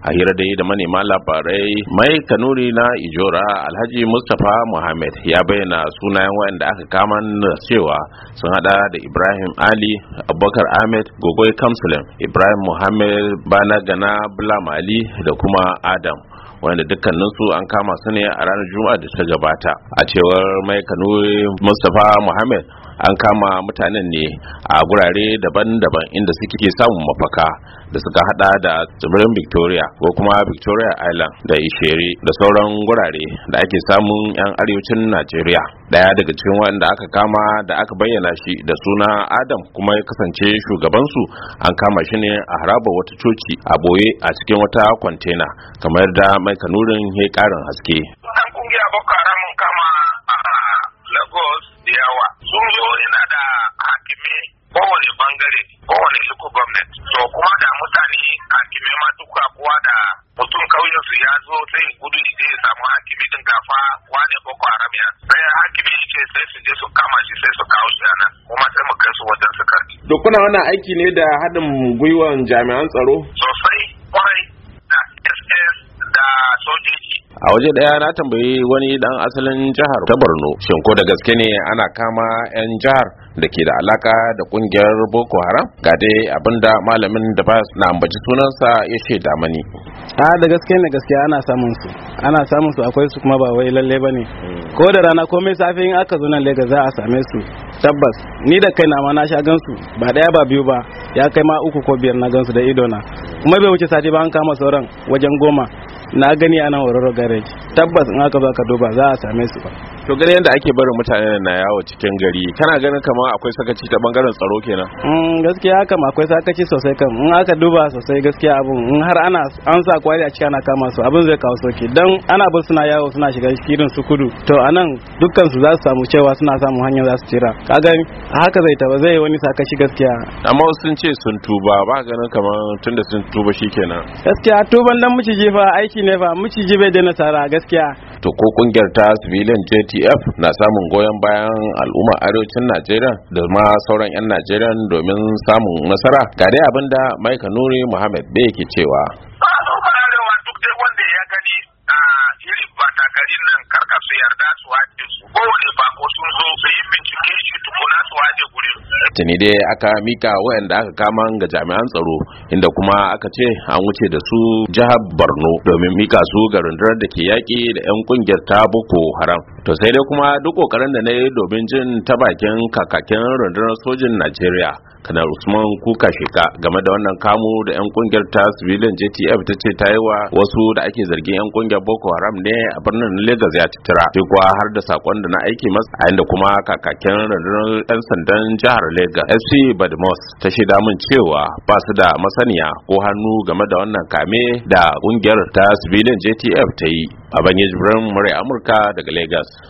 a hira da yi da manema labarai mai kanuri na ijora alhaji mustapha muhammad ya bayyana sunayen waɗanda aka kama na cewa sun hada da ibrahim ali abubakar ahmed gogoi kamsulin ibrahim muhammad bana gana bulamali da kuma adam wanda dukkaninsu an kama su ne a ranar juma'a da ta gabata a cewar mai kanuri mustapha muhammad an kama mutanen ne a gurare daban-daban inda suke samun mafaka da suka hada da tsibirin victoria ko kuma victoria island da ishere da sauran gurare da ake samun 'yan arewacin najeriya daya daga cikin wanda aka kama da aka bayyana shi da suna adam kuma ya kasance shugabansu an kama shi ne a haraba wata coci a boye a cikin wata kwantena kamar da mai kanurin ya karin haske. kungiya Boko Haram kama kowane liko gwamnati to kuma da mutane hakimi ma duka kuwa da mutum kauyen su ya zo sai gudu je ya samu hakimi din gafa wane boko haram ya sai hakimi ya ce sai su je su kama shi sai su kawo shi nan kuma sai mu kai su wajen su karbi. to kuna wani aiki ne da haɗin gwiwan jami'an tsaro. sosai kwarai da ss da sojoji a waje daya na tambayi wani ɗan asalin jihar ta borno shin ko da gaske ne ana kama yan jihar da ke da alaka da kungiyar boko haram ga dai abinda malamin da ba na ambaci sunansa ya da mani a da gaske ne gaske ana samun su ana samun su akwai su kuma ba wai lalle ba ne hmm. ko da rana ko komai safi in aka zo nan lagos za a same su tabbas ni da kai na ma na sha gansu ba daya ba biyu ba ya kai ma uku ko biyar na gansu da ido na. kuma bai wuce sati ba an kama sauran wajen goma na gani ana hororo gareji tabbas in aka zo aka duba za a same su ba to gani yadda ake barin mutane na yawo cikin gari kana ganin kamar akwai sakaci ta bangaren tsaro kenan mm gaskiya kam akwai sakaci sosai kam in aka duba sosai gaskiya abun in har ana an sa kwari a ciki ana kama su abin zai kawo sauki dan ana bar suna yawo suna shiga cikin su kudu to anan dukkan su za su samu cewa suna samun hanyar za su tsira kaga haka zai taba zai wani sakaci gaskiya amma sun ce sun tuba ba ganin kamar tunda sun tuba shikenan gaskiya tuban dan miciji fa aiki ne fa miciji bai daina tsara gaskiya to ko kungiyar ta civilian jtf na samun goyon bayan al'umma arewacin najeriya da ma sauran 'yan najeriya domin samun nasara ga dai abin da maika nuri muhammad bai ke cewa duk wanda ya gani ah, nan ne dai aka mika wayanda aka kama ga jami'an tsaro inda kuma aka ce an wuce da su jihar borno domin mika su ga rundunar da ke yaƙi da 'yan kungiyar ta boko haram to sai dai kuma duk kokarin da na yi domin jin ta bakin kakakin rundunar sojin najeriya kanar usman kuka sheka game da wannan kamu da yan kungiyar ta civilian jtf ta ce ta yi wa wasu da ake zargin yan kungiyar boko haram ne a birnin lagos ya tattara shi kuwa har da sakon da na aiki masa a inda kuma kakakin rundunar yan sandan jihar lagos sc badmos ta shaida min cewa ba su da masaniya ko hannu game da wannan kame da kungiyar ta civilian jtf ta yi a banyi jibirin amurka daga lagos